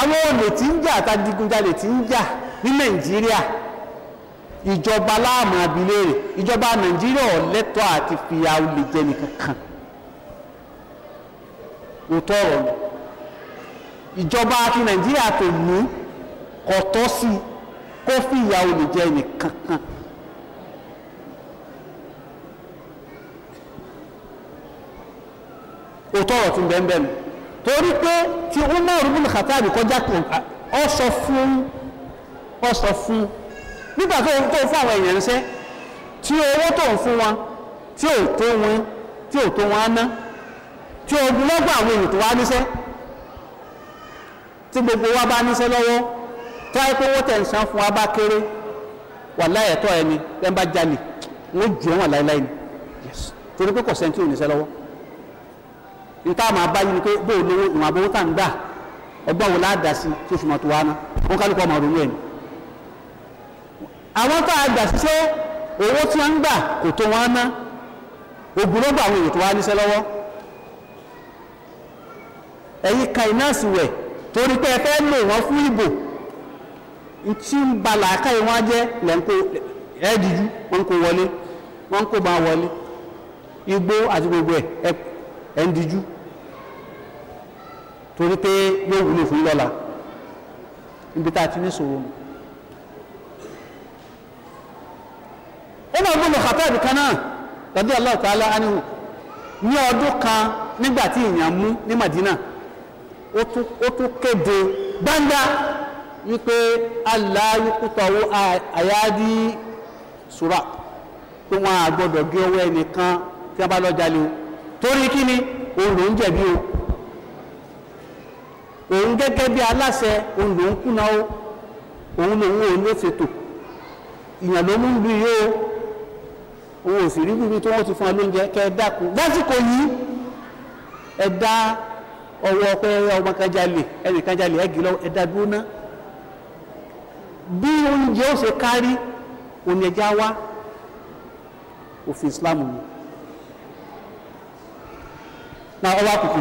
àwọn olè tí ń jà àtàdìgunjalè tí ń jà ní nàìjíríà ìjọba láàmú abilé rẹ̀ ìjọba nàìjíríà ọ̀lẹ́tọ̀ àti fìyà olè jẹ nìkan kan òótọ́ ọ̀rọ̀ ni ìjọba àti nàìjíríà tó ní kọ̀tọ́ sí kó fìyà olè jẹ nìkan òótọ́ ọ̀rọ̀ tún bẹ́ẹ̀ bẹ́ẹ̀ ni torí pé tí Umar ibn Khattab kọjá tó ọ sọ fún ọ sọ fún nígbà tó ń tó fún àwọn èèyàn ṣẹ́ tí owó tó ń fún wọn tí ò tó wọn tí ò tó wọn á ná tí ogunlọ́gbọ̀n àwọn èèyàn tó wá níṣẹ́ tí gbogbo wa bá níṣẹ́ lọ́wọ́ tó ayé pé owó tẹ̀ ń san fún wa bá kéré wà láyẹ̀tọ́ ẹni tẹ́ ń bá jalè wọ́n jù wọ́n láéláé ni torí pé kò sẹ́ni tí ò níṣẹ́ lọ́wọ́ ní táwọn abáyé ni pé bó o lówó ìwọ̀n tá à gbà ọgbọ́n wo láàdá tó tó wọn ọmọ àwọn tá a gbà owó tí ń gbà kò tó wọn ná ló gbà àwọn èèyàn tó wá ka iná àsùwẹ̀ torí pé ẹ fẹ́ lò fún ìbò tí ń ba làákàyè wọn wọn wọlé wọn wọlé igbó ẹ̀ ń dijú torí pé yóò wúlò fún lọ́la níbi tá a ti ní sòwò mu. Umar bin Khattab kan náà radiyallahu ta'ala anhu ní ọdún kan nígbà tí ìyàn mú ní Madina ó tún kéde gbangba wípé aláyíkútọ̀wó àyádi sùrà pé wọn àgbọdọ̀ gé owó ẹnìkan tí wọn bá lọ jalè o torí kí ni òun ló ń jẹ̀bi o òun gẹ́gẹ́ bí aláṣẹ òun ló ń kùnà o òun lòun ò ló ṣètò ìyàn ló mú lu yìí o òun ò sì rí bíbi tí wọ́n ti fún ọ lóúnjẹ kẹ ẹ dákun lásìkò yìí ẹ dá ọwọ́ pé ọmọ kan ẹnì kan ẹgì lọ ẹ dá dúró ná bí oúnjẹ ó ṣe kárí òun ẹja òfin Islam ni na ọwọ́ àkùkù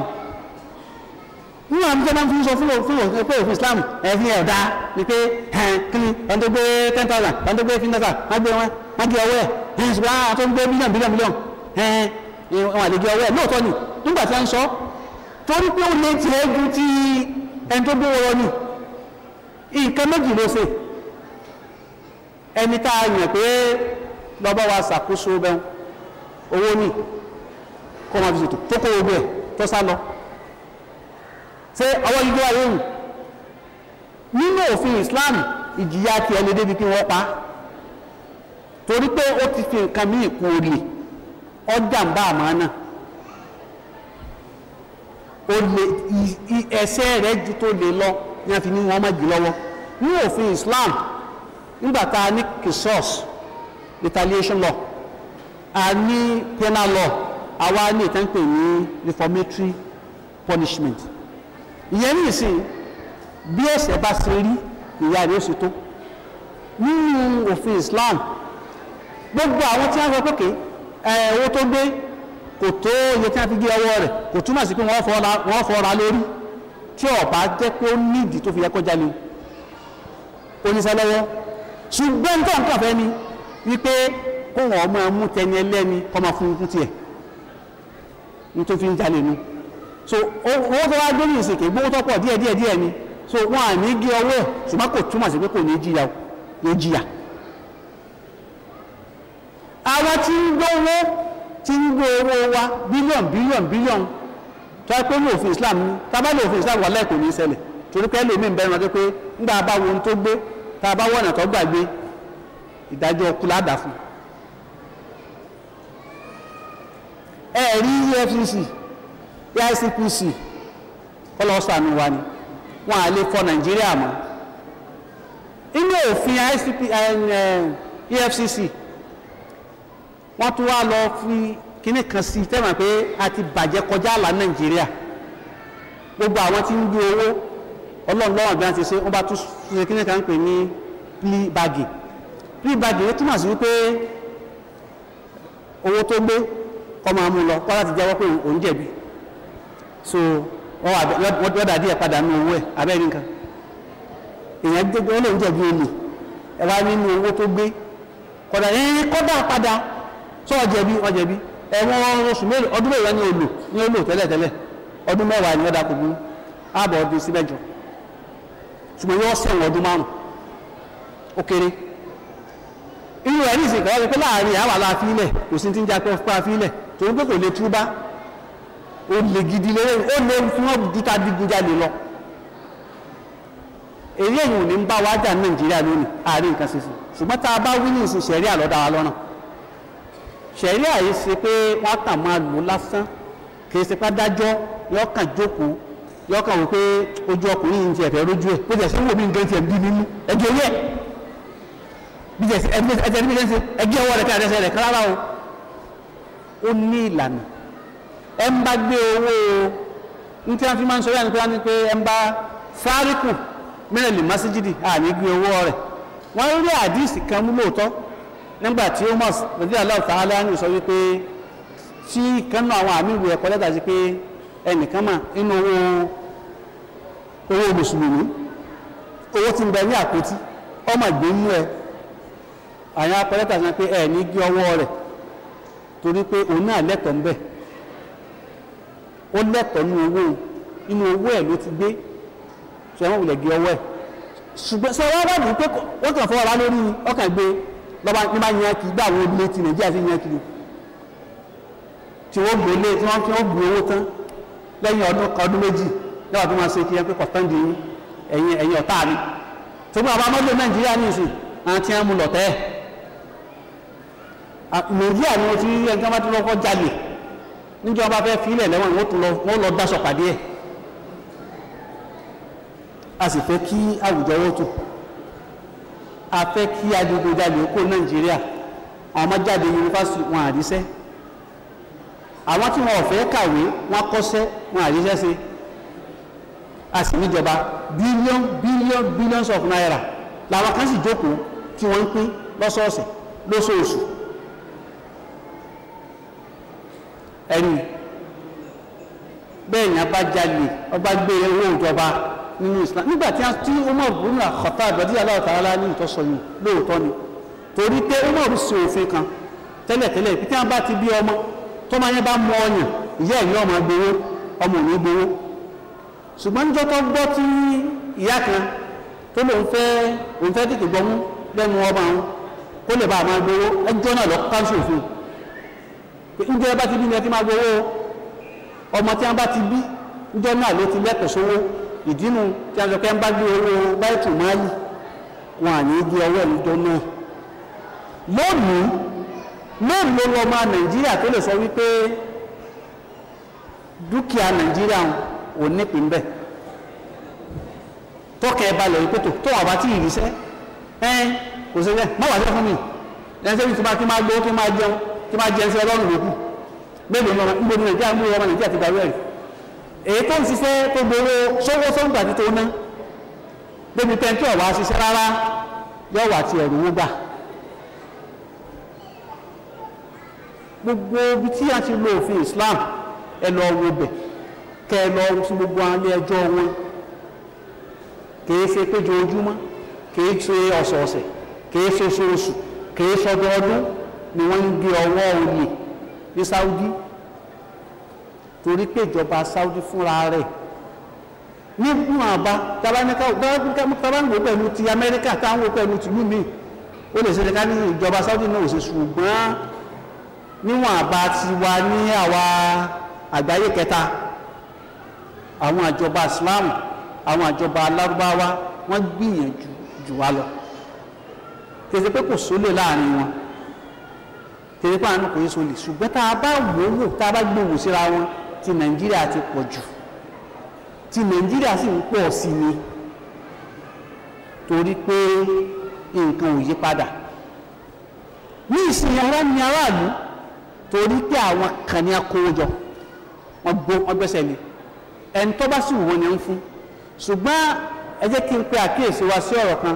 nínú àwọn tó máa ń fi sọ fún òfin pé òfin Islam ẹ̀fín ẹ̀ dáa ni pé kíni ẹni tó gbé ten thousand ẹni tó gbé fifteen thousand wọ́n gbé wọn wọ́n gbé ọwọ́ ẹ̀ ẹ̀ ṣùgbọ́n àwọn tó ń gbé bílíọ̀n bílíọ̀n bílíọ̀n ẹ̀ wọn àlejò ọwọ́ ẹ̀ lóòótọ́ ni nígbà tí wọ́n sọ torí pé ó lè tiẹ̀ ju ti ẹni tó gbé wọ́n ni nǹkan méjì ló ṣe ẹni tá a yàn pé lọ́bọ̀ wa ṣàkóso bẹ́ẹ̀ owó ni kọ́ máa fi ṣètò tó kó ogun ẹ̀ tó sá lọ ṣé ọwọ́ yíyó ayé wù nínú òfin Islam ìjìyà ti ẹni débi kí wọ́n pa torí pé ó ti fi nǹkan míì kú olè ọjà ń bá àmọ́ náà olè ẹsẹ̀ rẹ̀ ju tó lè lọ ní a fi ní wọn má jù lọ́wọ́ ní òfin Islam nígbà tá a ní kisos retaliation law a ní penal law àwa ní ìtẹ́ǹpẹ̀ ní reformatory punishment ìyẹn ní ìsìn bí ẹ̀ṣẹ̀ bá ṣe rí ìyá rẹ̀ ó ṣe tó nínú òfin Islam gbogbo àwọn tí wọ́n sọ pé owó tó gbé kò tó iye tí wọ́n fi gé ọwọ́ rẹ̀ kò túmọ̀ sí pé wọ́n fọ́ra lórí tí ọ̀bá jẹ́ pé ó nídìí tó fi yẹ kọjá lé oníṣẹ́lọ́wọ́ ṣùgbọ́n tó ń kàfẹ́ ni wípé kó wọ́n máa mú tẹni ẹlẹ́ni kọ́ máa fún un kún tiẹ̀ tó fi ń jalè so owó tó wá gbórí ìsìnkè gbówó tó pọ̀ díẹ̀ díẹ̀ díẹ̀ ni so wọn à ní gé ọwọ́ ẹ̀ ṣùgbọ́n kò túmọ̀ sí pé kò ní jìyà yóò jìyà àwọn tí wa bílíọ̀n bílíọ̀n bílíọ̀n tó ẹ pé ní òfin Islam ní tábà ní òfin Islam wà láì kò ní ṣẹlẹ̀ torí pé ẹlòmíín bẹ́ẹ̀ rántí ẹ̀rí EFCC EICPC kọlọ́sàánú wa ni wọn à lè fọ Nàìjíríà mọ́ inú òfin EFCC eh, eh, e wọ́n tún wá lọ fi kíní kan sí tẹ́wọ̀n pé a ti bàjẹ́ kọjá àlà Nàìjíríà gbogbo àwọn tí ń gbé owó ọlọ́run lọ́wọ́ àgbà ti ṣe wọ́n bá tún ṣe kíní kan pè ní plea bargain plea bargain ó túmọ̀ sí wípé owó tó gbé kọ́ máa mú lọ kọ́ láti jẹ́wọ́ pé òun jẹ̀bi so wọ́n dà díẹ̀ padà nù owó ẹ̀ abẹ́rẹ́ nǹkan èèyàn jẹ́bi ó lè ń jẹ̀bi olè ẹ wá nínú owó tó gbé kọ̀dà ní kọ́dà padà sọ ọ̀jẹ̀bi ọ̀jẹ̀bi ẹ̀wọ̀n oṣù mélòó ọdún mélòó ni olò ni olò tẹ́lẹ̀tẹ́lẹ̀ ọdún mẹ́wàá ni wọ́n dà kó burú ààbọ̀ ọdún sí mẹ́jọ ṣùgbọ́n yóò sẹ̀wọ̀n ọdún márùn ó kéré inú ẹ̀ ní ìsìnkà wọ́n ti pé láàrin àwọn aláàfin ilẹ̀ kò sí ti ń jẹ́ apẹ́ fún afin ilẹ̀ torí pé kò lè túbá ó lè gidi lórí ó lè fún wọn lọ èyí èyí ò ní ń bá wa jà nàìjíríà lónìí àárín nǹkan ṣe sí ṣùgbọ́n tá a bá wí ní ìsìn ṣẹ̀ríà lọ́dà wa lọ́rùn ṣẹ̀ríà yìí ṣe pé wọ́n kàn máa lò lásán kì í ṣe pé adájọ́ yọ kàn jókòó yọ kàn wò pé ojú ọkùnrin yìí ń tiẹ̀ fẹ́ rójú o ó ní ìlànà ẹ ń bá gbé owó ní tí wọ́n fi máa ń sọ yára pé wọ́n ní pé ẹ sáríkù mẹ́rin lè àní gbé kan mú lóòótọ́ nígbà tí Umar rẹ̀dí aláwọ̀ta aláàánú sọ wípé tí kánú àwọn àmì ìwé ẹ̀kọ́ lẹ́tà sí pé ẹnìkan mà nínú owó owó mùsùlùmí owó tí ń bẹ ní àpótí ọmọ ìgbé mú ẹ sí pé torí pé òun náà lẹ́tọ̀ọ́ ń bẹ̀ ó lẹ́tọ̀ọ́ nínú owó nínú owó ẹ̀ ló ti gbé sọ ẹ̀ wọ́n wulẹ̀ gé ọwọ́ ẹ̀ ṣùgbọ́n sọ wọ́n wọ́n pé wọ́n kàn fọwọ́ wa lórí ọkàn gbé lọ́ba ní bá yan kiri gbé àwọn obìnrin ti nàìjíríà sí yan kiri tí wọ́n gbé lé tí wọ́n fi wọ́n gbé owó tán lẹ́yìn ọdún kan ọdún méjì lọ́wọ́ tó máa ṣe kí ẹ pé kọ̀tán di ẹ̀yìn ẹ̀yìn ọ̀tá rí ṣùgbọ́n àbámọ́lò nàìjíríà ní ìsìn àwọn tí wọ́n mú lọ̀tẹ́ ẹ̀ lòdì àwọn tí ẹnìkan bá tún lọ́kọ́ jalè níjọba bá fẹ́ filẹ̀ lẹ́wọ̀n wọ́n lọ dáṣọ pàdé ẹ̀ a sì fẹ́ kí àwùjọ wọ́n tù a fẹ́ kí adigunjalè kó nàìjíríà àwọn ọmọjáde yunifásitì wọn àríṣẹ́ àwọn tí wọn bilion of naira làwọn kan sì jókòó tí wọ́n ń ẹni bẹ́ẹ̀ ni abájalè ọba gbé owó ìjọba nínú Islam nígbà tí a tí Umar ibn Khattab àgbàdí aláwọ̀ tààlà ní ìtọ́sọ yìí lóòótọ́ ni torí pé Umar sí òfin kan tẹ́lẹ̀tẹ́lẹ̀ pété wọn bá ti bí ọmọ tó máa yẹn bá mọ ọyàn ìyá ẹ̀yìn ọmọ gbowó ọmọ òní gbowó ṣùgbọ́n níjọ́ tó gbọ́ tí ìyá kan tó lóun fẹ́ òun fẹ́ tètè gbọ́mú lẹ́nu ọmọ àwọn kó lè bá àwọn gbowó ẹjọ́ náà lọ káńsì òfin pé ǹjẹ́ bá ti bí ni ẹ ti máa gbowó ọmọ tí wọ́n bá ti bí ǹjọ́ náà ló ti lẹ́tọ̀ọ́ sówó ìdínú tí a sọ pé ń bá gbé owó báyìí máàlì wọn à ní í gbé ọwọ́ ìjọ náà lónìí lónìí ló lọ́ọ́ máa nàìjíríà tó lè sọ wípé dúkìá nàìjíríà ò nípìn bẹ́ẹ̀ tọ́kẹ́ ẹ balẹ̀ wípé tó tó àbá tí ìrìsẹ́ ẹ kò sí bẹ́ẹ̀ má wà sí fún mi ẹ ṣe bí tí máa gbé ó tó máa jẹun tó bá jẹ́ ẹsẹ̀ ọlọ́run lókù bẹ́ẹ̀ ni ọmọ gbogbo nàìjíríà ń gbé ọmọ nàìjíríà ti gbàgbé rẹ̀ èyí tó ń ṣiṣẹ́ tó gbowó sówó sóńgbà tí tó ná débi tẹ́ńtì ọ̀wá ṣiṣẹ́ rárá yọ wà tí ẹ̀rù wó gbà gbogbo ibi tí a ti lo òfin Islam ẹ lọ wo bẹ̀ kẹ ẹ lọ sí gbogbo alẹ́ ẹjọ́ wọn kìí ṣe péjọ ojúmọ́ kìí ṣe ọ̀sọ̀ọ̀sẹ̀ kìí ṣe oṣooṣù kìí ṣọdọọdún ni wọ́n ń gé ọwọ́ oyè ní Saudi torí pé ìjọba Saudi fúnra rẹ̀ nígbùn àbá tabaníkà tabaníkà pẹ̀lú ti Amẹ́ríkà táwọn pẹ̀lú tìlú mi ó lè ṣẹlẹ̀ ká ní ìjọba Saudi náà ò ṣe ṣùgbọ́n níwọ̀n àbá ti wà ní àwa àgbáyé kẹta àwọn àjọba Islam àwọn àjọba alárúbáwá wọ́n gbìyànjú jù wá lọ kèsì pé kò sólè láàrin wọn tèrè pàánù kò yé so lè ṣùgbọ́n tá a bá wò ó wò tá a bá gbòòwò síra wọn ti nàìjíríà ti pọ̀ jù ti nàìjíríà sì ń pọ̀ sí ni torí pé nǹkan ò yí padà ní ìsinyìí ọ̀rọ̀ ni aráàlú torí pé àwọn kan ní akówójọ wọn gbó wọn gbẹ́sẹ̀ lé ẹni tó bá sì wù wọn ni ń fún ṣùgbọ́n ẹ jẹ́ kí n pe àkíyèsí wa sí ọ̀rọ̀ kan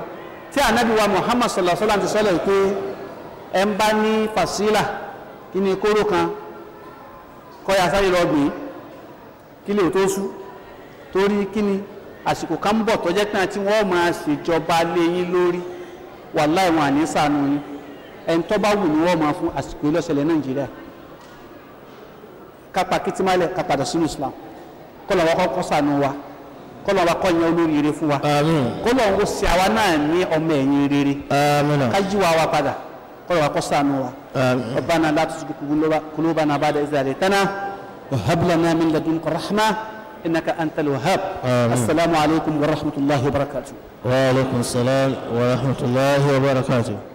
tí ànábì Muhammad sallallahu alaihi wa sallam ti sọ́lẹ̀ pé. ẹ ń bá ní fàṣílà kí ni kóró kan kọ́ya sáré lọ gbìn kí lè tó sú torí kí ni àsìkò kan bọ̀ tó jẹ́ pé wọ́n máa ṣèjọba lé yín lórí wàláì wọn àní yín ẹni tó bá wù ní wọ́n máa fún àsìkò ìlọ́sẹ̀lẹ̀ nàìjíríà wa sànú wa wa wa ń wo àwa náà ní ọmọ rere wa wa padà. قولوا قصانوا ربنا لا تزغ قلوبنا بعد إذا هديتنا وهب لنا من لدنك رحمة إنك أنت الوهاب السلام عليكم ورحمة الله وبركاته وعليكم السلام ورحمة الله وبركاته